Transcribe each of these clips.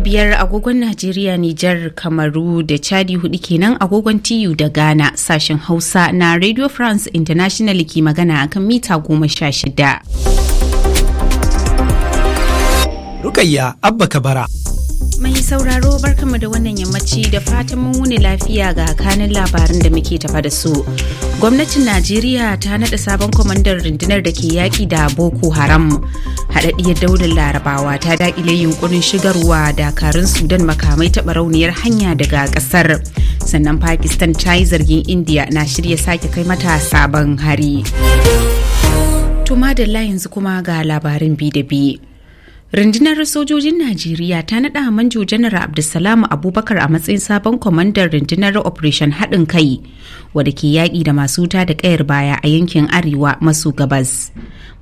karfe biyar agogon Najeriya Nijar Kamaru da Chadi hudu kenan agogon TU da Ghana sashen Hausa na Radio France International ke magana akan mita goma sha shida. Rukayya Abba Kabara. Mai sauraro barkamu da wannan yammaci da fatan mun wuni lafiya ga kanin labarin da muke tafa da su. Gwamnatin Najeriya ta naɗa sabon kwamandan rundunar da ke yaƙi da Boko Haram. Haɗaɗɗiyar daular Larabawa ta daƙile yunƙurin shigarwa dakarun Sudan makamai taɓa rauniyar hanya daga ƙasar. Sannan Pakistan ta yi zargin Indiya na shirya sake kai mata sabon hari. Tuma da yanzu kuma ga labarin bi da bi. Rundunar sojojin Najeriya ta naɗa Manjo Janar Abdulsalam Abubakar a matsayin sabon kwamandan rundunar Operation haɗin kai wadda ke yaƙi da masu ta da ƙayar baya a yankin Arewa maso gabas.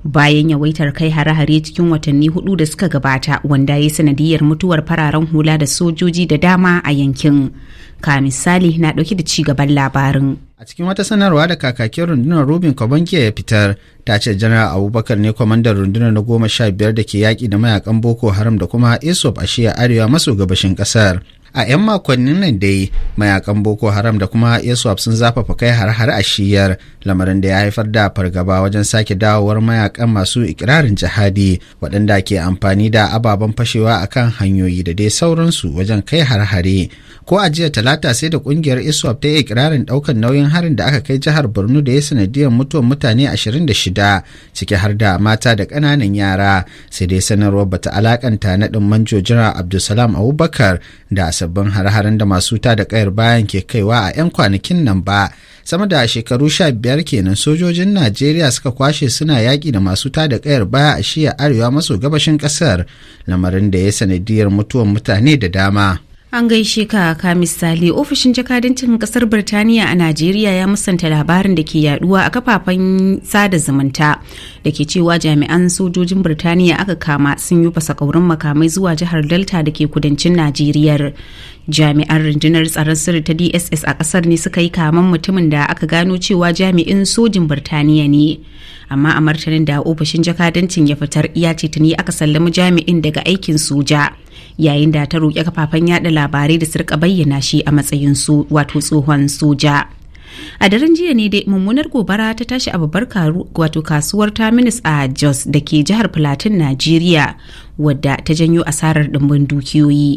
Bayan yawaitar kai hare-hare cikin watanni hudu da suka gabata wanda ya sanadiyar mutuwar fararen hula da sojoji da dama a yankin. Ka misali na ɗauki da ci gaban labarin. a cikin wata sanarwa da kakakin rundunar rubin kwabanke ya fitar ta ce janar abubakar ne kwamandan rundunar na goma sha biyar da ke yaƙi da mayakan boko haram da kuma isop a shiya arewa maso gabashin ƙasar a 'yan makonnin nan dai mayakan boko haram da kuma iswap e sun zafafa kai har-har a shiyar lamarin da ya haifar da fargaba wajen sake dawowar mayakan masu ikirarin jihadi waɗanda ke amfani da ababen fashewa a kan hanyoyi da dai sauransu wajen kai har-hare ko a jiya talata sai da ƙungiyar iswap e ta yi ikirarin ɗaukar nauyin harin da aka kai jihar borno da ya sanadiyar mutuwar mutane ashirin da shida, ciki har da mata da ƙananan yara sai dai sanarwar bata alakanta naɗin manjo jira abdulsalam abubakar da sabbin har-haren da masu ta da kayar bayan ke kaiwa a 'yan kwanakin nan ba sama da shekaru sha biyar kenan sojojin najeriya suka kwashe suna yaƙi da masu ta da kayar baya a shiya arewa maso gabashin ƙasar lamarin da ya sanadiyar mutuwar mutane da dama An gaishe ka ka misali ofishin jakadancin kasar Birtaniya a Najeriya ya musanta labarin da ke yaduwa a kafafen sada zumunta da ke cewa jami'an sojojin Birtaniya aka kama sun yi fasakaurin makamai zuwa jihar Delta da ke kudancin Najeriya. Jami'an rundunar tsaron sirri ta DSS a kasar ne suka yi kaman mutumin da aka gano cewa jami'in sojin Birtaniya ne. Amma a martanin da ofishin jakadancin ya fitar iya ce tuni aka sallami jami'in daga aikin soja. yayin da ta roƙi kafafen yaɗa labarai da su bayyana shi a matsayin su wato tsohon soja. a daren jiya ne dai mummunar gobara ta tashi a babbar karu wato kasuwar terminus a jos da ke jihar platin najeriya wadda ta janyo asarar dimbin dukiyoyi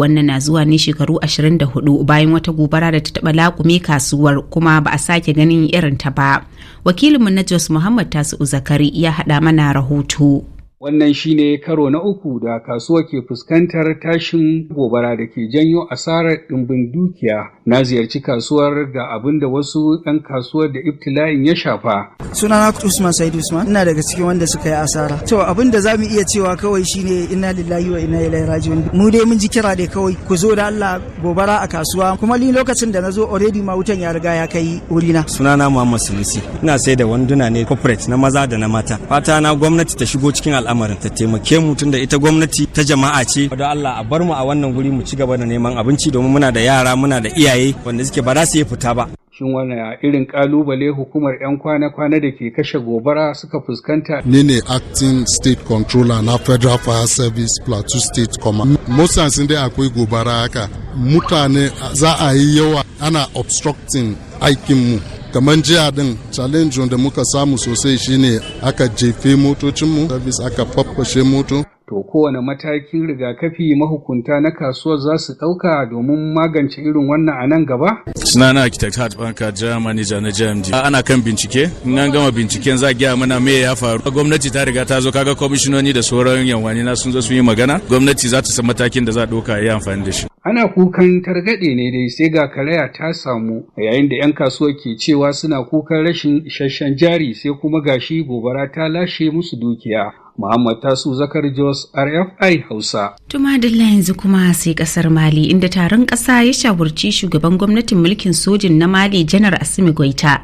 wannan na zuwa ne shekaru 24 bayan wata gobara da ta taba lakume kasuwar kuma ba a sake ganin irin ta ba wakilinmu na jos muhammad tasu zakari ya haɗa mana rahoto Wannan shi karo na uku da kasuwa ke fuskantar tashin gobara da ke janyo asarar ɗimbin dukiya. Na ziyarci kasuwar da abin da wasu ɗan kasuwar da ibtila'in ya shafa. na Usman Said Usman, ina daga cikin wanda suka yi asara. To abin da za mu iya cewa kawai shine inna lillahi wa inna ilaihi raji'un. Mu dai mun ji kira da kawai ku zo da Allah gobara a kasuwa. Kuma ni lokacin da na zo already ma wutan ya riga ya kai Suna na Muhammad sulusi ina sai da wanduna ne corporate na maza da na mata. Fata na gwamnati ta shigo cikin al'amari. al'amarin ta taimake mu tunda ita gwamnati ta jama'a ce don Allah a bar mu a wannan guri mu ci gaba da neman abinci domin muna da yara muna da iyaye wanda suke ba za su yi fita ba shin wannan irin kalubale hukumar 'yan kwana-kwana da ke kashe gobara suka fuskanta ni ne acting state controller na federal fire service plateau state command most sun dai akwai gobara haka mutane za a yi yawa ana obstructing aikinmu kamar jiya din challenge da muka samu sosai shine aka jefe motocinmu service aka faffashe moto to kowane matakin rigakafi mahukunta na kasuwar za su ɗauka domin magance irin wannan a nan gaba? Sunana Architect Hart Banka Jira Manager na JMD. Ana kan bincike, in an gama binciken za gaya mana me ya faru. Gwamnati ta riga ta zo kaga kwamishinoni da sauran yanwani na sun zo sun yi magana, gwamnati za ta san matakin da za a ɗauka ya amfani da shi. Ana kukan targaɗe ne dai sai ga karaya ta samu a yayin da 'yan kasuwa ke cewa suna kukan rashin isasshen jari sai kuma gashi gobara ta lashe musu dukiya. Muhammad Tasu Zakar Jos RFI Hausa. Tuma Dalla yanzu kuma sai kasar Mali inda taron ƙasa ya shawarci shugaban gwamnatin mulkin sojin na Mali Janar Asimi Goita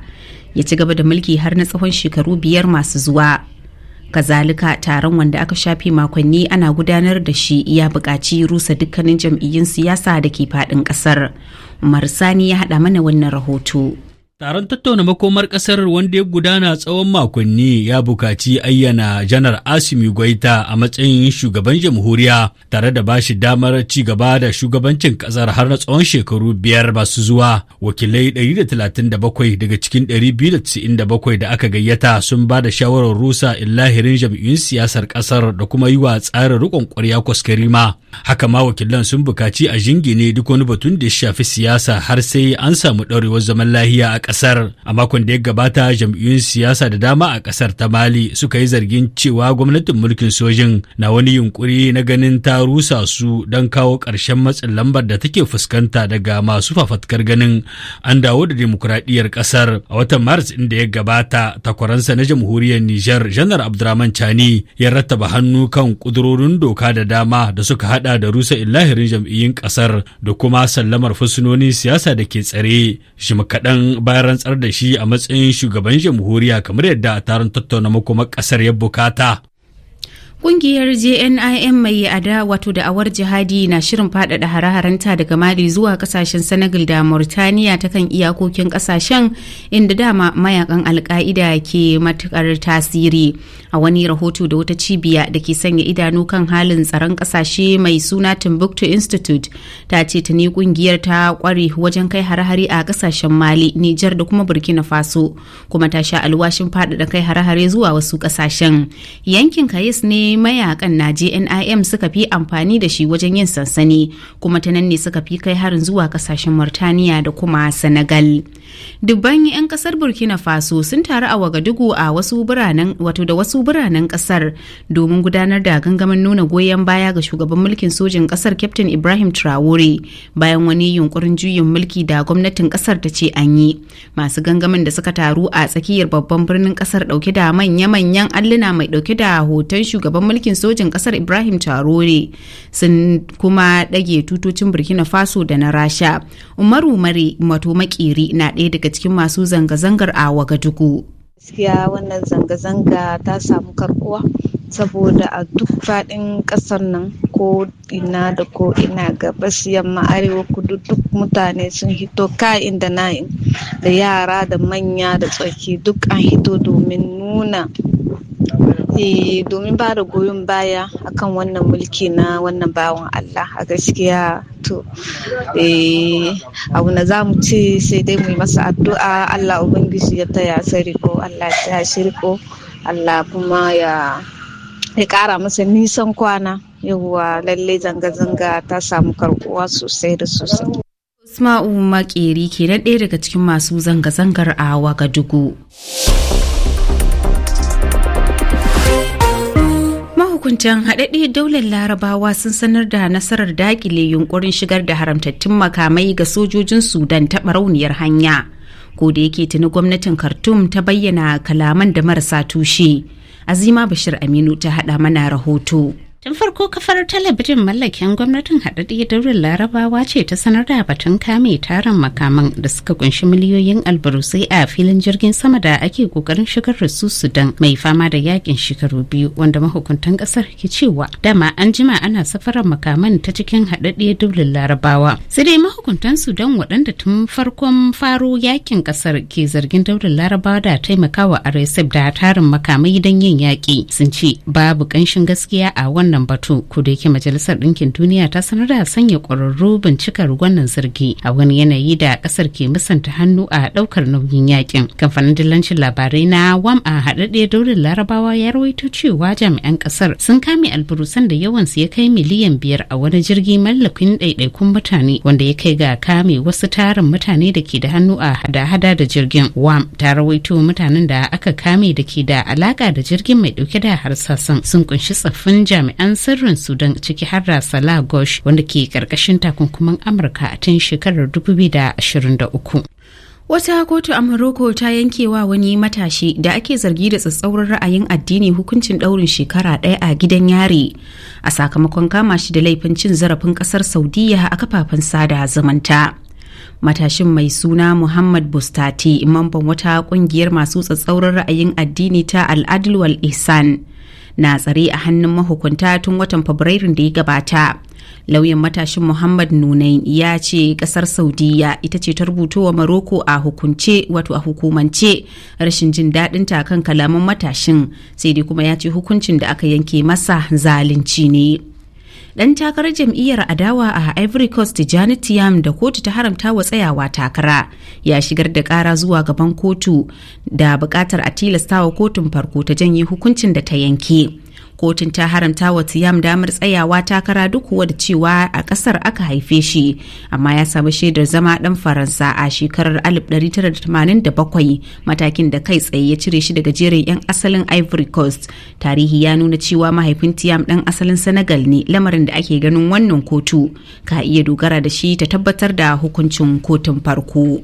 ya ci gaba da mulki har na tsawon shekaru biyar masu zuwa. Kazalika taron wanda aka shafe makonni ana gudanar da shi ya buƙaci rusa dukkanin jam'iyyun siyasa da ke faɗin ƙasar. Umar Sani ya haɗa mana wannan rahoto. Taron tattauna makomar ƙasar wanda ya gudana tsawon makonni ya bukaci ayyana janar Asimi Gwaita a matsayin shugaban jamhuriya tare da ba shi damar ci gaba da shugabancin ƙasar har na tsawon shekaru biyar masu zuwa. Wakilai 137 daga cikin 297 da aka gayyata sun ba da shawarar rusa lahirin jam'iyyun siyasar ƙasar da kuma yi wa tsarin riƙon ƙwarya kwaskarima. Haka ma wakilan sun bukaci a jingine duk wani batun da ya shafi siyasa har sai an samu ɗaurewar zaman lahiya a kasar a makon da ya gabata jam'iyyun siyasa da dama a kasar ta mali suka yi zargin cewa gwamnatin mulkin sojin na wani yunkuri na ganin ta rusa su don kawo ƙarshen matsin lambar da take fuskanta daga masu fafatkar ganin an dawo da demokuraɗiyyar kasar a watan maris da ya gabata takwaransa na jamhuriyar nijar janar abdurrahman chani ya rattaba hannu kan kudurorin doka da dama da suka hada da rusa illahirin jam'iyyun kasar da kuma sallamar fursunonin siyasa da ke tsare shi kaɗan bayan rantsar da shi a matsayin shugaban jamhuriya kamar yadda a taron tattauna makomar kasar ya bukata ƙungiyar JNIM mai ada wato da awar jihadi na shirin faɗaɗa hare-harenta daga Mali zuwa ƙasashen Senegal da Mauritania ta kan iyakokin kasashen inda dama mayakan alka'ida ke matukar tasiri. A wani rahoto da wata cibiya da ke sanya idanu kan halin tsaron ƙasashe mai suna Timbuktu Institute ta ce ta ne ƙungiyar ta ƙware wajen kai hare-hare a ƙasashen Mali, Nijar da kuma Burkina Faso kuma ta sha alwashin faɗaɗa kai hare zuwa wasu ƙasashen Yankin Kayes ne mayakan na JNIM suka fi amfani da shi wajen yin sansani kuma ta nan ne suka fi kai harin zuwa kasashen Murtaniya da kuma Senegal. Dubban 'yan kasar Burkina Faso sun taru a Wagadugu a wasu biranen wato da wasu biranen kasar domin gudanar da gangamin nuna goyon baya ga shugaban mulkin sojin kasar Captain Ibrahim Traore bayan wani yunkurin juyin mulki da gwamnatin kasar ta ce an yi. Masu gangamin da suka taru a tsakiyar babban birnin kasar dauke da manya-manyan alluna mai dauke da hoton shugaban shugaban mulkin sojin kasar ibrahim tarore sun kuma dage tutocin burkina faso da na rasha umaru mare mato maƙiri na ɗaya daga cikin masu zanga-zangar a wagadugu gaskiya wannan zanga-zanga ta samu karkuwa saboda a duk faɗin ƙasar nan ko ina da ko ina gabas yamma arewa kudu duk mutane sun hito ka'in da na'in da yara da manya da tsaki duk an hito domin nuna eh domin ba da goyon baya akan wannan mulki na wannan bawan Allah a gaskiya to eh, abu na za ce sai dai mu masa addu'a Allah ubangiji ya taya sariko Allah ya taya shirko Allah kuma ya ya kara masa nisan kwana yawwa lallai zanga-zanga ta samu karkuwa sosai da sosai Usma'u Makeri kenan ɗaya daga cikin masu zanga-zangar a Wagadugu. hukuncin haɗaɗɗiyar daular larabawa sun sanar da nasarar daƙile yunkurin shigar da haramtattun makamai ga sojojin sudan ta barauniyar hanya ko da yake tuni gwamnatin khartoum ta bayyana kalaman da marasa tushe azima bashir aminu ta haɗa mana rahoto Tun farko kafar talabijin mallakin gwamnatin haɗaɗɗiyar daurin larabawa ce ta sanar da batun kame taron makaman da suka kunshi miliyoyin albarusai a filin jirgin sama da ake kokarin shigar da su Sudan mai fama da yakin shekaru biyu wanda mahukuntan ƙasar ke cewa dama an jima ana safarar makaman ta cikin haɗaɗɗiyar daurin larabawa. Sai dai mahukuntan Sudan waɗanda tun farkon faro yakin ƙasar ke zargin daurin larabawa da taimakawa RSF da tarin makamai don yin yaƙi sun ce babu ƙanshin gaskiya a wannan wannan batu ko yake majalisar ɗinkin duniya ta sanar da sanya ƙwararru bincikar wannan zargi a wani yanayi da ƙasar ke musanta hannu a ɗaukar nauyin yakin kamfanin dillancin labarai na wam a haɗaɗɗe daurin larabawa ya rawaito cewa jami'an ƙasar sun kame alburusan da yawan su ya kai miliyan biyar a wani jirgi mallakin ɗaiɗaikun mutane wanda ya kai ga kame wasu tarin mutane da ke da hannu a hada-hada da jirgin wam ta rawaito mutanen da aka kame da ke da alaƙa da jirgin mai ɗauke da harsasan sun kunshi tsaffin jami'an an sirrin sudan ciki har da wanda ke karkashin takunkuman amurka tun shekarar 2023 Wata kotu a Morocco ta yankewa wani matashi da ake zargi da tsatsauran ra'ayin addini hukuncin ɗaurin shekara ɗaya a gidan yari a sakamakon kama shi da laifin cin zarafin ƙasar Saudiya a kafafen sada zumunta. Matashin mai suna Muhammad Bustati mamban wata ƙungiyar masu tsatsauran ra'ayin addini ta Al'adul wal Ihsan. na tsare a hannun mahukunta tun watan Fabrairun da ya gabata. Lauyan matashin Muhammad Nunain ya ce kasar Saudiya ita ce ta rubuto wa Maroko a hukunce wato a hukumance rashin jin daɗin kan kalaman matashin sai dai kuma ya ce hukuncin da aka yanke masa zalunci ne. dan takarar jam'iyyar adawa a ivory coast janet yam da kotu ta haramta wa tsayawa takara ya shigar da kara zuwa gaban kotu da bukatar a tilastawa kotun farko ta janye hukuncin da ta yanke kotun ta haramta wa tiyam damar tsayawa takara duk da cewa a kasar aka haife shi amma ya samu shaidar zama dan faransa a shekarar 1987 matakin da kai tsaye ya cire shi daga jerin 'yan asalin ivory coast tarihi ya nuna cewa mahaifin tiyam dan asalin senegal ne lamarin da ake ganin wannan kotu ka iya dogara da shi ta tabbatar da hukuncin kotun farko.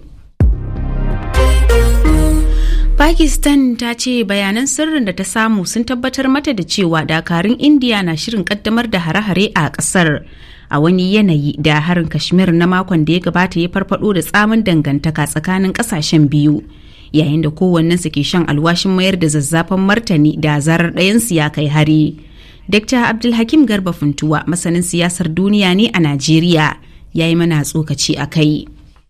Pakistan ta ce bayanan sirrin da ta samu sun tabbatar mata da cewa dakarun India na shirin kaddamar da hare-hare a ƙasar. a wani yanayi da harin kashmir na makon da ya gabata ya farfado da tsamin dangantaka tsakanin kasashen biyu yayin da kowannensu ke shan alwashin mayar da zazzafan martani da zarar ɗayansu ya kai hari dr abdulhakim garba funtuwa masanin siyasar duniya ne a najeriya ya yi mana tsokaci a kai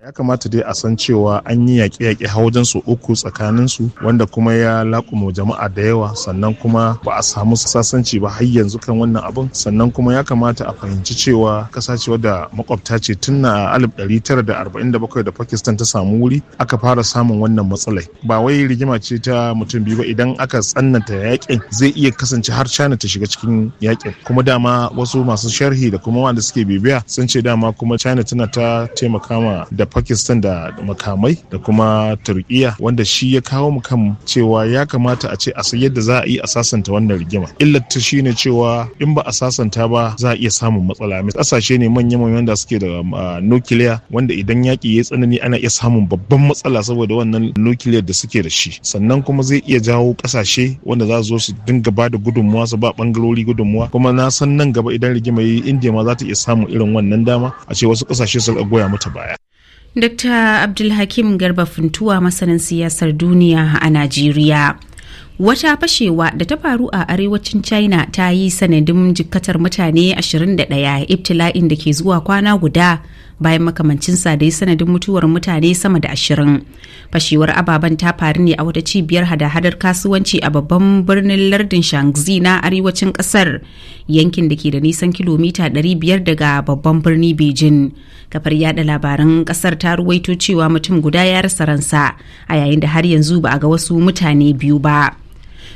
ya kamata dai a san cewa an yi yaƙe-yaƙe har wajen su uku tsakanin su wanda kuma ya laƙuma jama'a da yawa sannan kuma ba a samu sasanci ba har yanzu kan wannan abin sannan kuma ya kamata a fahimci cewa ƙasa ce wadda makwabta ce tun na 1947 da Pakistan ta samu wuri aka fara samun wannan matsalai ba wai rigima ce ta mutum biyu ba idan aka tsananta yaƙin zai iya kasance har China ta shiga cikin yaƙin kuma dama wasu masu sharhi da kuma wanda suke bibiya sun ce dama kuma China tana ta taimaka ma da pakistan da makamai da kuma turkiya wanda shi ya kawo mu kan cewa ya kamata a ce a san yadda za a yi a sasanta wannan rigima illar shi ne cewa in ba a sasanta ba za a iya samun matsala kasashe ne manya-manyan da suke da ah, nukiliya wanda idan yaki ya tsanani ana iya samun babban matsala saboda wannan nukiliyar da suke da shi sannan kuma zai iya jawo kasashe wanda za zo su dinga ba da gudunmuwa su ba bangarori gudunmuwa kuma na san nan gaba idan rigima yi indiya ma za ta iya samun irin wannan dama a ce wasu kasashe su goya mata baya Dr. Abdulhakim Garba Funtuwa masanin siyasar duniya a Najeriya. Wata fashewa da ta faru a arewacin China ta yi sanadin jikkatar mutane 21 ibtila'in da ke zuwa kwana guda bayan makamancinsa da yi sanadin mutuwar mutane sama da 20. Fashewar ababen ta faru ne a wata cibiyar hada-hadar kasuwanci a babban birnin lardin Shangzi na arewacin kasar yankin da ke da nisan kilomita 500 daga babban birni Beijing. kafar yada labaran kasar ta ruwaito cewa mutum guda ya rasa ransa a yayin da har yanzu ba a ga wasu mutane biyu ba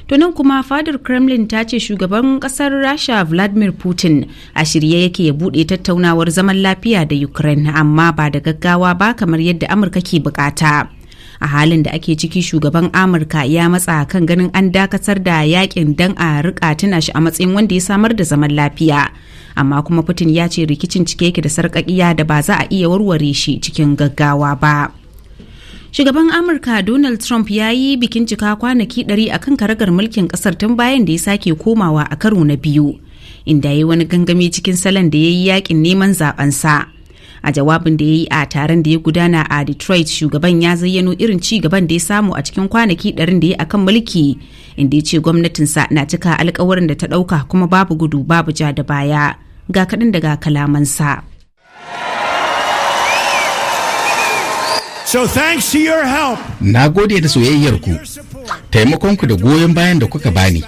to nan kuma fadar kremlin ta ce shugaban kasar rasha vladimir putin a shirye yake ya bude tattaunawar zaman lafiya da ukraine amma ba da gaggawa ba kamar yadda amurka ke bukata a halin da ake ciki shugaban amurka ya matsa kan ganin an dakatar da yakin dan a rika tuna shi a matsayin wanda ya samar da zaman lafiya amma kuma putin ya ce rikicin cike yake da sarƙaƙiya da ba za a iya warware shi cikin gaggawa ba. Shugaban Amurka Donald Trump ya yi bikin cika kwanaki ɗari a kan karagar mulkin kasar tun bayan da ya sake komawa a karo na biyu, inda ya yi wani gangami cikin salon da ya yi yakin neman zabensa. a jawabin da ya yi a taron da ya gudana a detroit shugaban ya zayyano irin ci gaban da ya samu a cikin kwanaki ɗarin da ya akan mulki inda ya ce gwamnatinsa na cika alkawarin da ta ɗauka kuma babu gudu babu ja da baya ga kaɗan daga kalamansa. So thanks to your Na gode da soyayyarku taimakonku da goyon bayan da kuka bani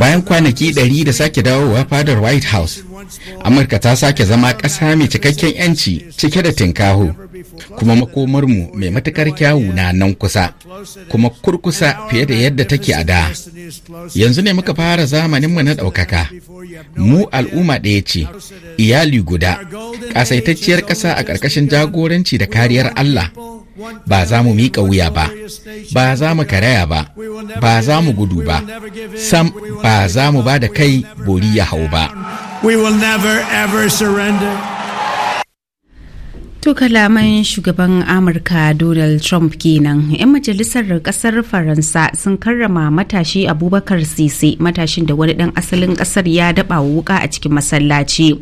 bayan kwanaki ɗari da sake dawowa fadar white house amurka ta sake zama ƙasa mai cikakken yanci cike da tinkaho kuma makomarmu mai matukar kyawu na nan kusa kuma kurkusa fiye da yadda take a da yanzu ne muka fara zamaninmu na ɗaukaka mu al'umma ɗaya ce iyali guda ƙasaitacciyar ƙasa a ƙarƙashin jagoranci da kariyar allah ba za mu miƙa wuya ba ba za mu karaya ba ba za mu gudu ba sam ba za mu ba da kai bori ya hau ba We will never ever surrender. To kalaman shugaban Amurka Donald Trump kenan. 'Yan majalisar kasar Faransa sun karrama matashi Abubakar Sisi matashin da wani ɗan asalin kasar ya daɓa wuka a cikin masallaci.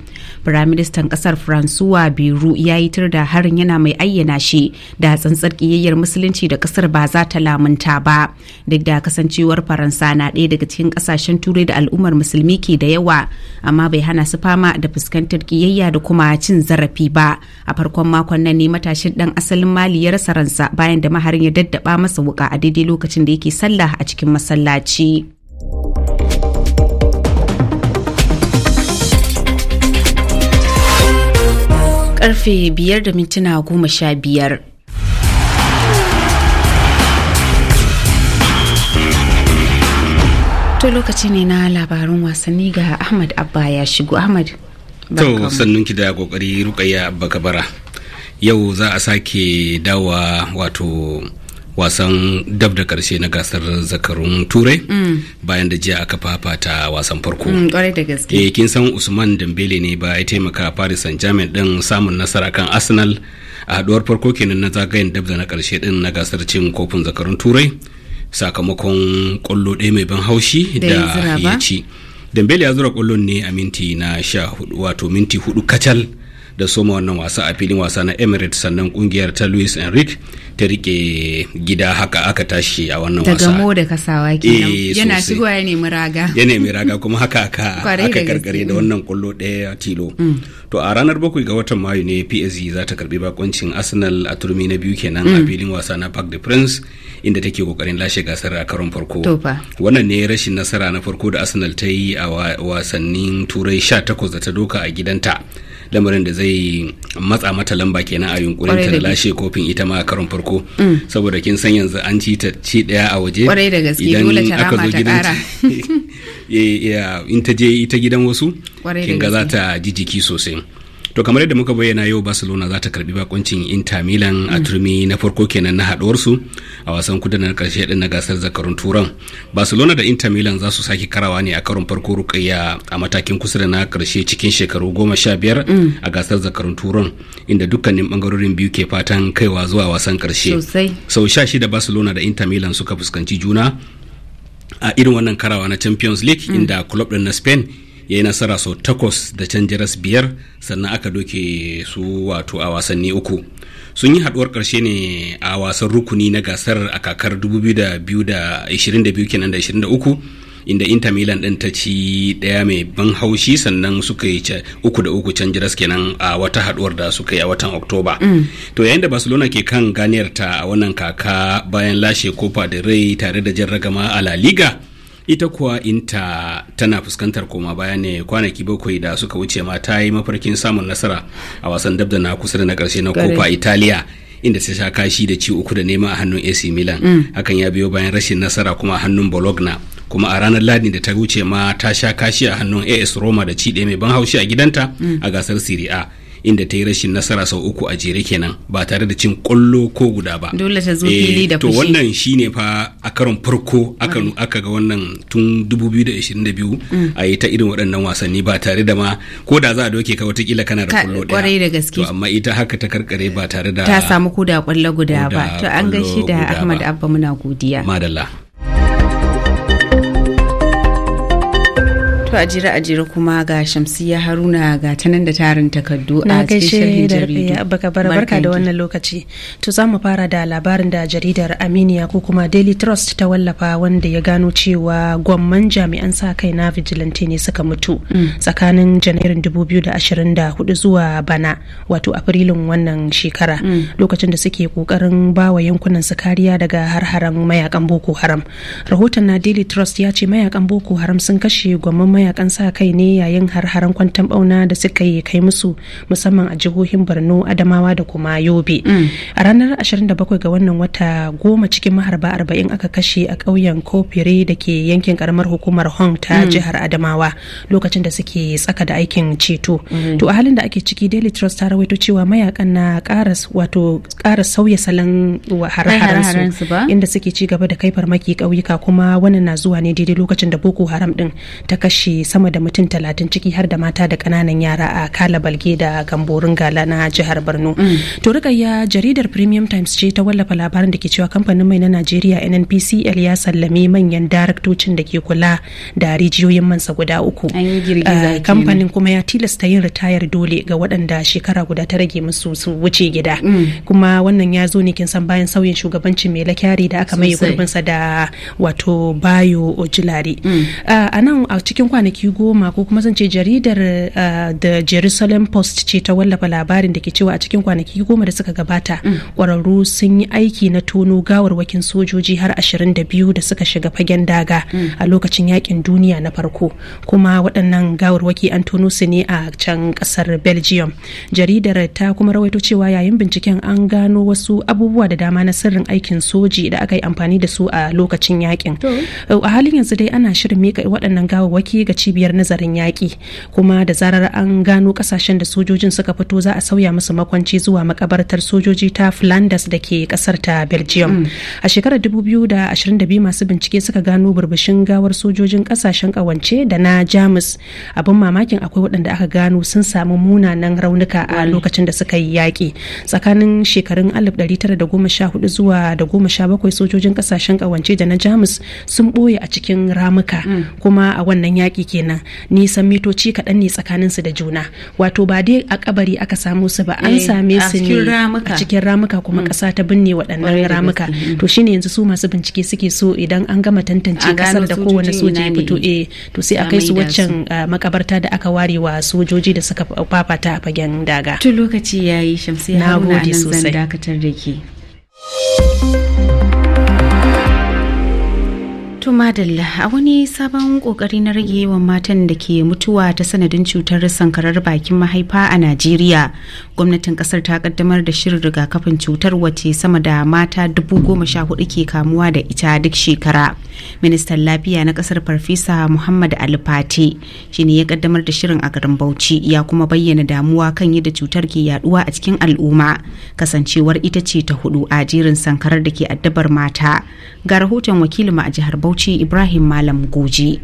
Firaministan kasar faransuwa Biru ya yi tur da harin yana mai ayyana shi da tsantsar kiyayyar musulunci da kasar ba za ta lamunta ba. Duk da kasancewar Faransa na ɗaya daga cikin ƙasashen turai da al'ummar musulmi ke da yawa, amma bai hana su fama da fuskantar ƙiyayya da kuma cin zarafi ba. A farkon makon nan ne matashin dan asalin mali ya rasa ransa bayan da maharin ya daddaba masa wuka a daidai lokacin da yake sallah a cikin masallaci. karfe biyar da mintuna goma sha biyar. To lokaci ne na labarin wasanni ga Ahmad Abba ya shigo Ahmad. To sannunki da kokari rukayya baka bara. yau za a sake dawa wato wasan dab da karshe na gasar zakarun turai mm. bayan da jiya aka fafata wasan farko mm, e, kin san usman dambele ne ba ya taimaka paris saint germain din samun nasara kan arsenal a haduwar farko kenan na zagayen dab da na karshe din na gasar cin kofin zakarun turai sakamakon kwallo ɗaya mai ban haushi da ya ci dambele ya zura kwallon ne a minti na sha hudu wato minti hudu kacal da soma wannan wasa a filin wasa na emirates sannan kungiyar ta louis enrique ta rike gida haka aka tashi a wannan wasa daga mo da kasawa ke eh, yana shigowa ya nemi raga ya nemi raga kuma haka aka aka gargare da wannan kwallo daya tilo mm. to a ranar bakwai ga watan mayu ne psg za ta karbi bakoncin arsenal a turmi na biyu kenan a mm. filin wasa na park de prince inda take kokarin lashe gasar a karon farko wannan ne rashin nasara na farko da arsenal ta yi a wasannin turai 18 da ta doka a gidanta lamarin da zai matsa mata lamba kenan a yunkurin ta da lashe kofin ita ma a karon farko mm. saboda kin san yanzu an ci ta ci daya a waje idan aka zo gidan eh, eh, in ta je ita gidan wasu kin ga za ta ji jiki sosai to kamar yadda muka bayyana yau barcelona za ta karbi bakuncin inter milan a mm. turmi na farko kenan na haduwarsu a wasan kudanar karshe din na gasar zakarun turan barcelona da inter milan za su sake karawa ne a karon farko rukayya a matakin kusa da na karshe cikin shekaru goma sha biyar mm. a gasar zakarun turan inda dukkanin bangarorin biyu ke fatan kaiwa zuwa wasan karshe sau sha shida barcelona da inter milan suka fuskanci juna a irin wannan karawa na champions league mm. inda club din na spain ya yi nasara sau takwas da can biyar sannan aka doke su wato a wasanni uku sun yi haduwar karshe ne a wasan rukuni na gasar a kakar 2022 kenan da 23 inda inter milan din ta ci daya mai ban haushi sannan suka yi uku da uku can jiras kenan a wata haduwar da suka yi a watan oktoba mm. to yayin da barcelona ke kan ganiyar ta a wannan kaka bayan lashe copa da rai tare da jan ragama a la liga ita kuwa inta tana fuskantar koma baya ne kwanaki bakwai da suka wuce ma ta yi mafarkin samun nasara a wasan dab da na kusa da na karshe na kofa italiya inda ta sha kashi da ci uku da nema a hannun ac milan mm. hakan ya biyo bayan rashin nasara kuma a hannun bologna kuma a ranar ladin da ta wuce ma ta sha kashi a hannun as roma da ci ɗaya mai ban haushi a gidanta mm. a gasar serie a inda ta yi rashin nasara sau uku a jere kenan ba tare da cin kwallo ko guda ba dole ta zo eh, fili da fushi to wannan shi ne fa a karon farko aka mm. aka ga wannan tun 2022 a yi ta irin waɗannan wasanni ba tare da ma ko da za a doke ka watakila kana da kwallo ɗaya kwarai da gaske to amma ita haka ta karkare ba tare da ta samu ko da kwallo guda ba to an gaishe da Ahmad Abba muna godiya madalla To a jira a jira kuma ga shamsiyya Haruna ga tanan da tarin takardu a cikin sharhin barka da wannan lokaci. To za mu fara da labarin da jaridar Aminiya ko kuma Daily Trust ta wallafa wanda ya gano cewa gwamman jami'an sa kai na vigilante ne suka mutu mm. tsakanin Janairun 2024 zuwa bana wato Afrilun wannan shekara mm. lokacin da suke kokarin bawa yankunan su kariya daga har mayakan Boko Haram. Rahoton na Daily Trust ya ce mayakan Boko Haram sun kashe gwamman mayakan sa kai ne yayin har-haren kwantan bauna da suka yi kai musu musamman a jihohin borno adamawa da kuma yobe mm. a ranar 27 ga wannan wata goma cikin maharba 40 aka kashe a ƙauyen kofire da ke yankin karamar hukumar hong ta mm. jihar adamawa lokacin da suke tsaka da aikin ceto mm-hmm. to a halin da ake ciki daily trust ta rawaito cewa mayakan na karas wato sauya salon har-haren su inda suke ci gaba da kai farmaki ƙauyuka kuma wannan na zuwa ne daidai lokacin da boko haram din ta kashe kashe sama da mutum talatin ciki har da mata da kananan yara a kala balge da gamborin gala na jihar borno mm. to jaridar premium times ce ta wallafa labarin da ke cewa kamfanin mai na najeriya nnpcl ya sallame manyan daraktocin da ke kula da rijiyoyin mansa guda uku ah, kamfanin kuma ya tilasta yin ritayar dole ga waɗanda shekara guda ta rage musu su wuce gida mm. kuma wannan ya zo ne kin san bayan sauyin shugabancin mai lakyari da aka mai gurbinsa da wato bayo ojilari mm. ah, a nan a cikin kwanaki goma ko kuma zan ce jaridar da uh, jerusalem post ce ta wallafa labarin da ke cewa a cikin kwanaki goma da suka gabata mm. kwararru sun yi aiki na tono gawarwakin sojoji har 22 da biyu da suka shiga fagen daga mm. a lokacin yakin duniya na farko kuma waɗannan gawarwaki an tono su ne a can ƙasar belgium jaridar ta kuma rawaito cewa yayin binciken an gano wasu abubuwa da dama na sirrin aikin soji da aka yi amfani da su a lokacin yakin a halin yanzu dai ana shirin mika waɗannan gawarwaki ga cibiyar nazarin yaƙi kuma da zarar an gano kasashen da sojojin suka fito za a sauya musu makwanci zuwa makabartar sojoji ta flanders da ke kasar ta belgium mm. a shekarar 2022 masu bincike suka gano burbushin gawar sojojin kasashen kawance da na jamus abin mamakin akwai waɗanda aka gano sun samu munanan raunuka a lokacin da suka yi yaƙi tsakanin shekarun 1914 zuwa da bakwai sojojin ƙasashen ƙawance da na jamus sun ɓoye a cikin ramuka mm. kuma a wannan yaƙi yaki kenan nisan mitoci kaɗan ne tsakanin su da juna wato ba dai a kabari aka samu su ba an eh, same su ne a cikin ramuka kuma mm. ƙasa ta binne waɗannan ramuka mm. to shine yanzu su masu bincike suke so idan an gama tantance ƙasar da kowane soja ya fito eh to sai a kai su waccan ah, makabarta da aka ware wa sojoji da suka fafata a fagen daga tun lokaci yayi shamsiya haruna nan zan dakatar da ke To madalla a wani sabon kokari na rage yawan matan da ke mutuwa ta sanadin cutar sankarar bakin mahaifa a Najeriya. Gwamnatin kasar ta kaddamar da shirin rigakafin cutar wace sama da mata dubu goma sha hudu ke kamuwa da ita duk shekara. Ministan lafiya na kasar Farfesa Muhammad Alfate shi ne ya kaddamar da shirin a garin Bauchi ya kuma bayyana damuwa kan yadda cutar ke yaduwa a cikin al'umma kasancewar ita ce ta hudu a jerin sankarar da ke addabar mata. Ga rahoton ma a jihar Bauchi Bauchi Ibrahim Malam Goji.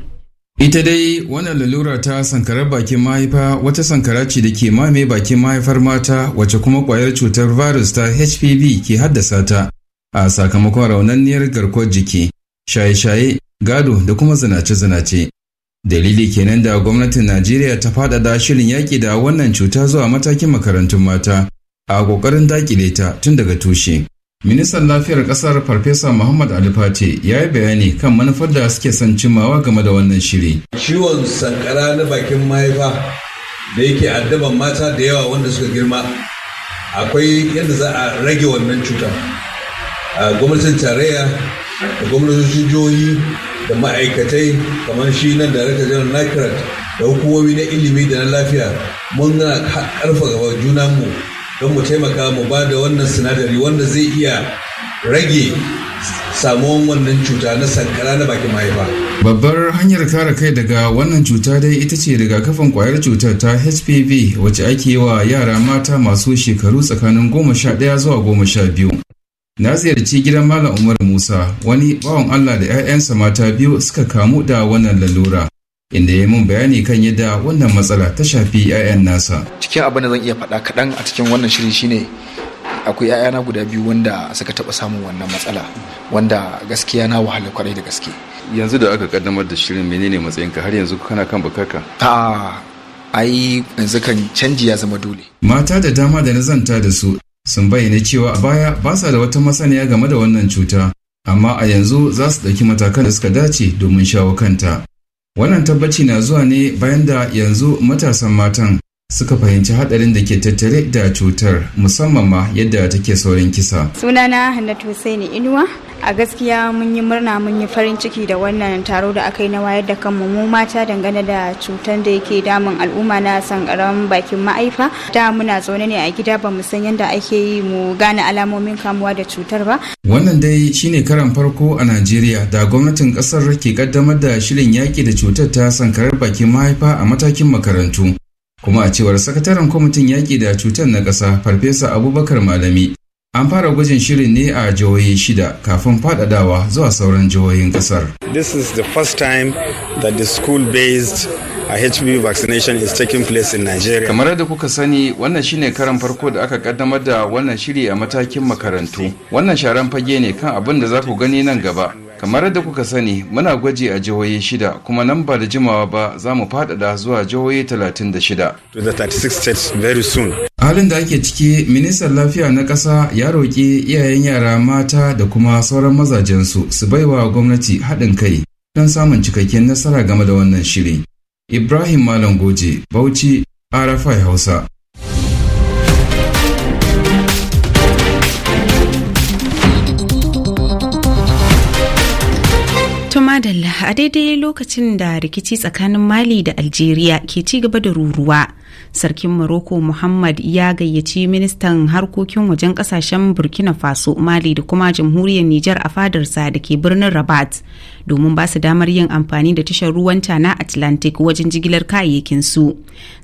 Ita dai wannan lalura ta sankarar bakin mahaifa wata sankara ce da ke mame bakin mahaifar mata wacce kuma kwayar cutar virus ta HPV ke haddasa ta a sakamakon raunanniyar garkuwar jiki, shaye-shaye, gado da kuma zinace-zinace. Dalili kenan da gwamnatin Najeriya ta faɗaɗa shirin yaƙi da wannan cuta zuwa matakin makarantun mata a ƙoƙarin dakile ta tun daga tushe. ministan lafiyar kasar farfesa muhammad ali fate ya yi bayani kan manufar da suke son cimawa game da wannan shiri ciwon sankara na bakin mahaifa da yake addaban mata da yawa wanda suka girma akwai yadda za a rage wannan cuta. a gwamnatin tarayya da gwamnatocin jihohi da ma'aikatai kamar shi nan da raka janar nakirat da hukumomi na ilimi da na lafiya mun gana karfafa juna mu don mu taimaka mu ba da wannan sinadari wanda zai iya rage samuwan wannan cuta na sankara na bakin mahaifa. Babbar hanyar kare kai daga wannan cuta dai ita ce daga kafan kwayar cutar ta HPV wacce ake yi wa yara mata masu shekaru tsakanin goma sha ɗaya zuwa goma sha biyu. Na ziyarci gidan Malam Umar Musa wani bawan Allah da 'ya'yansa mata biyu suka kamu da wannan lalura. inda ya mun bayani kan yadda wannan matsala ta shafi 'ya'yan nasa cikin abin da zan iya faɗa kaɗan a cikin wannan shirin shine akwai 'ya'yana guda biyu wanda suka taɓa samun wannan matsala wanda gaskiya na wahala kwarai da gaske yanzu da aka kaddamar da shirin menene matsayinka har yanzu kana kan bukaka a ai yanzu kan canji ya zama dole mata da dama da na zanta da su sun bayyana cewa a baya ba sa da wata masaniya game da wannan cuta amma a yanzu za su ɗauki matakan da suka dace domin shawo kanta Wannan tabbaci na zuwa ne bayan da yanzu matasan matan suka fahimci hadarin da ke tattare da cutar musamman ma yadda take saurin kisa. Sunana Hannatu Hussaini Inuwa a gaskiya mun yi murna mun yi farin ciki da wannan taro da aka yi na wayar da kanmu mu mata dangane da cutar da yake damun al'umma na sankaran bakin ma'aifa da muna zaune ne a gida ba san yadda ake yi mu gane alamomin kamuwa da cutar ba wannan dai shine karan farko a najeriya da gwamnatin kasar ke kaddamar da shirin yaki da cutar ta sankarar bakin mahaifa a matakin makarantu kuma a cewar sakataren kwamitin yaki da cutar na ƙasa farfesa abubakar malami An fara gwajin shirin ne a jihohi shida kafin faɗaɗawa zuwa sauran jihohin ƙasar. This is the first time that the school-based a uh, HPV vaccination is taking place in Nigeria. Kamar da kuka sani wannan shine karan farko da aka kaddamar da wannan shiri a matakin makarantu. Wannan sharan fage ne kan abin da za ku gani nan gaba. Kamar da kuka sani muna gwaji a jihohi shida kuma nan ba da jimawa ba za mu faɗaɗa zuwa jihohi 36. 36 states very soon. halin da ake ciki ministan lafiya na ƙasa ya roƙi iyayen yara mata da kuma sauran mazajensu su baiwa gwamnati haɗin kai don samun cikakken nasara game da wannan shiri ibrahim malam goje bauchi arafai hausa madalla a daidai lokacin da rikici tsakanin mali da algeria ke ci gaba da ruruwa sarkin morocco muhammad ya gayyaci ministan harkokin wajen kasashen burkina faso mali da kuma jamhuriyar nijar a fadarsa da ke birnin rabat domin ba su damar yin amfani da tashar ruwanta na atlantic wajen jigilar kayayyakin su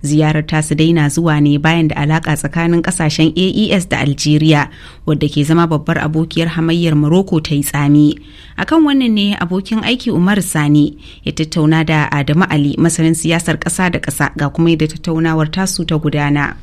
ziyarar su daina zuwa ne bayan da alaka tsakanin kasashen aes da algeria wadda ke zama babbar abokiyar hamayyar morocco ta yi tsami akan wannan ne abokin aiki umar sani ya tattauna da adamu ali masanin siyasar kasa da kasa ga kuma da tattaunawar tasu ta gudana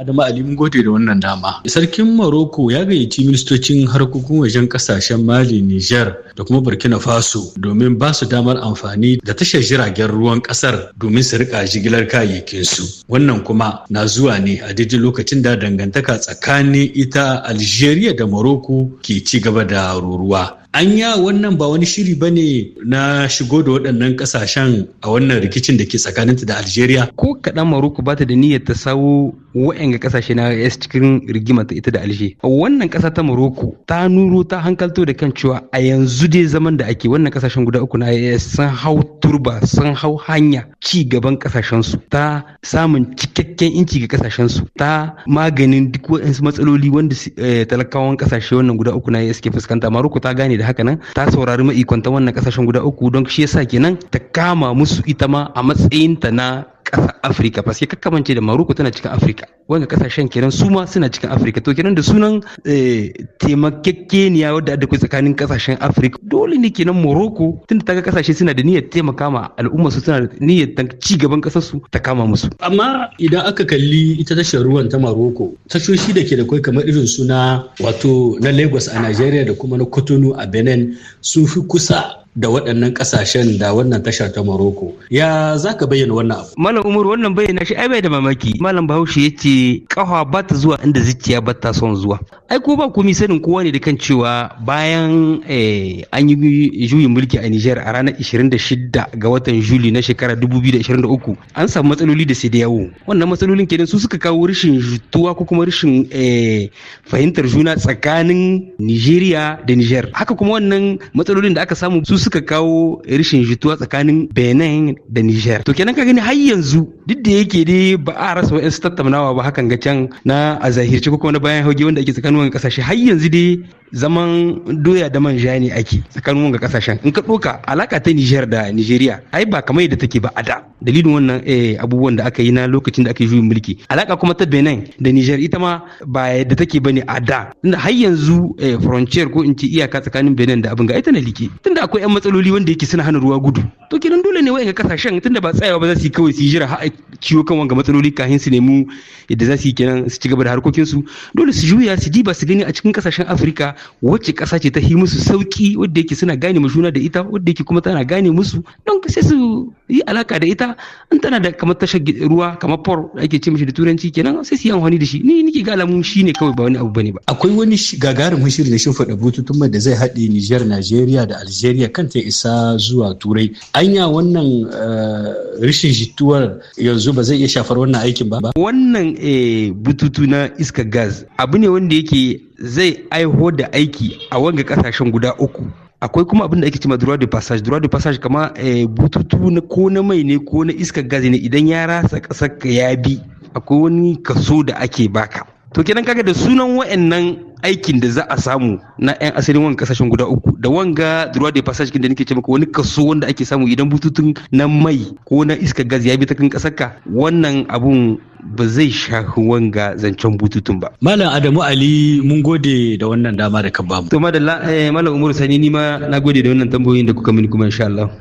Adama Ali mun gode da wannan dama. Sarkin Maroko ya gayyaci ministocin harkokin wajen kasashen Mali, Niger da kuma Burkina Faso domin ba su damar amfani da tashar jiragen ruwan kasar domin su rika jigilar kayayyakinsu. Wannan kuma na zuwa ne a daidai lokacin da dangantaka tsakanin ita Algeria da Maroko ke ci gaba da ruruwa. anya wannan ba wani shiri ba ne na shigo da waɗannan ƙasashen a wannan rikicin da ke tsakaninta da algeria ko kaɗan maroko ba ta da niyyar ta sawo wa'yanga kasashe na yas cikin rigimar ita da alje wannan kasa ta morocco ta nuro ta hankalto da kan cewa a yanzu dai zaman da ake wannan kasashen guda uku na yas sun hau turba sun hau hanya ci gaban kasashen su ta samun cikakken inci ga kasashen su ta maganin duk waɗansu matsaloli wanda eh, talakawan kasashe wannan guda uku na yas ke fuskanta morocco ta gane da haka nan ta saurari ma'ikonta wannan kasashen guda uku don shi yasa kenan ta kama musu ita ma a matsayinta na ƙasa afirka ba sai kamance da maroko tana cikin afirka wanda kasashen kenan su ma suna cikin afirka to kenan da sunan eh, taimakekeniya wadda da tsakanin kasashen afirka dole ne kenan maroko tun ta ga kasashe suna da niyyar taimaka ma al'umma su suna da niyyar ci gaban kasar su ta kama musu amma idan aka kalli ita tashar ruwan ta maroko tashoshi da ke da kai kamar irin suna wato na lagos a nigeria da kuma na kotonu a benin sun fi kusa da waɗannan ƙasashen da wannan tashar ta Morocco. Ya za ka bayyana wannan abu? Malam Umar wannan bayyana shi ai bai da mamaki. Malam Bahaushe ya ce ƙafa ba ta zuwa inda zuciya ba ta son zuwa. Ai ko ba komi sanin kowa ne da kan cewa bayan eh, an yi juyin mulki a Niger a ranar 26 ga watan Juli na shekarar 2023 an samu matsaloli da sai da yawo. Wannan matsalolin kenan su suka kawo rashin jituwa ko kuma rashin eh, fahimtar juna tsakanin Nijeriya da Niger. Haka kuma wannan matsalolin da aka samu su suka kawo rishin jituwa tsakanin benin da niger to kenan ka gani har yanzu duk da yake dai ba a rasa wa'yansu tattaunawa ba hakan ga can na a zahirce ko kuma na bayan hauge wanda ake tsakanin wani kasashe har yanzu dai zaman doya da manja ne ake tsakanin wani kasashen in ka ɗauka alaka ta niger da nigeria ai ba kamar yadda take ba a da dalilin wannan eh, abubuwan da aka yi na lokacin da aka yi juyin mulki alaka kuma ta Benin da niger ita ma ba yadda take ne a da tunda har yanzu eh, frontier ko in ce iyaka tsakanin Benin da abin ga ita na like tunda akwai yan matsaloli wanda yake suna hana ruwa gudu to kenan dole ne wayan kasashen tunda ba tsayawa ba za su yi kawai su yi jira har ciwo kan wanga matsaloli kafin su nemi yadda za su yi kenan su ci gaba da harkokin su dole su juya su diba su gani a cikin kasashen Afirka wacce kasa ce ta yi musu sauki wanda yake suna gane juna da ita wanda yake kuma tana gane musu don sai su yi alaka da ita an tana da kamar tashar ruwa kamar por da ake ce mishi da turanci kenan sai su yi amfani da shi ni nike ga alamun ne kawai ba wani abu bane ba akwai wani gagarumin shiri na shimfiɗa bututun da zai haɗe Niger Najeriya da Algeria kan kan ta isa zuwa turai anya wannan eh, rashin jituwar yanzu ba zai iya shafar wannan aikin ba wannan eh, bututu na iska gas abu ne wanda yake zai aiho da aiki a wanga kasashen guda uku akwai kuma abin da ake cewa droit de passage droit de passage kama eh, bututu na ko na mai ne ko na iska gas ne idan ya rasa kasar ka ya bi akwai wani kaso da ake baka to kenan kaga da sunan wa'annan aikin da za a samu na 'yan asirin wani kasashen guda uku da wanga droit de passage da nake ce maka wani kaso wanda ake samu idan bututun na mai ko na iska gas ya bi ta kan kasarka wannan abun ba zai shafi wanga zancen bututun ba. Malam Adamu Ali mun gode da wannan dama da ka bamu. To madalla eh, Malam Umaru Sani ni ma na gode da wannan tambayoyin da kuka mini kuma insha Allah.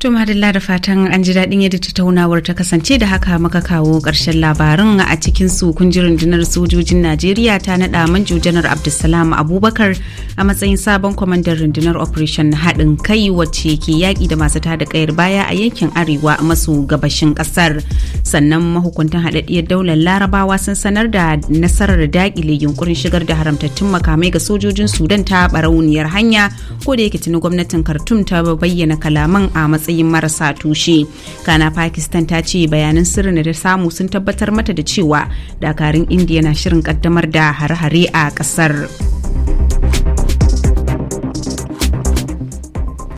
To Madalla da fatan an ji daɗin yadda tattaunawar ta kasance da haka maka kawo ƙarshen labarin a cikin su kunjirin rundunar sojojin Najeriya ta naɗa manjo janar Abdulsalam Abubakar a matsayin sabon kwamandan rundunar Operation haɗin kai wacce ke yaƙi da masu tada kayar baya a yankin Arewa maso gabashin ƙasar. Sannan mahukuntan haɗaɗɗiyar daular Larabawa sun sanar da nasarar daƙile yunkurin shigar da haramtattun makamai ga sojojin Sudan ta barauniyar hanya ko da yake tuni gwamnatin Khartoum ta bayyana kalaman a matsayin matsayin marasa tushe kana pakistan ta ce bayanan sirrin da ta samu sun tabbatar mata da cewa dakarun indiya na shirin kaddamar da hare-hare a kasar.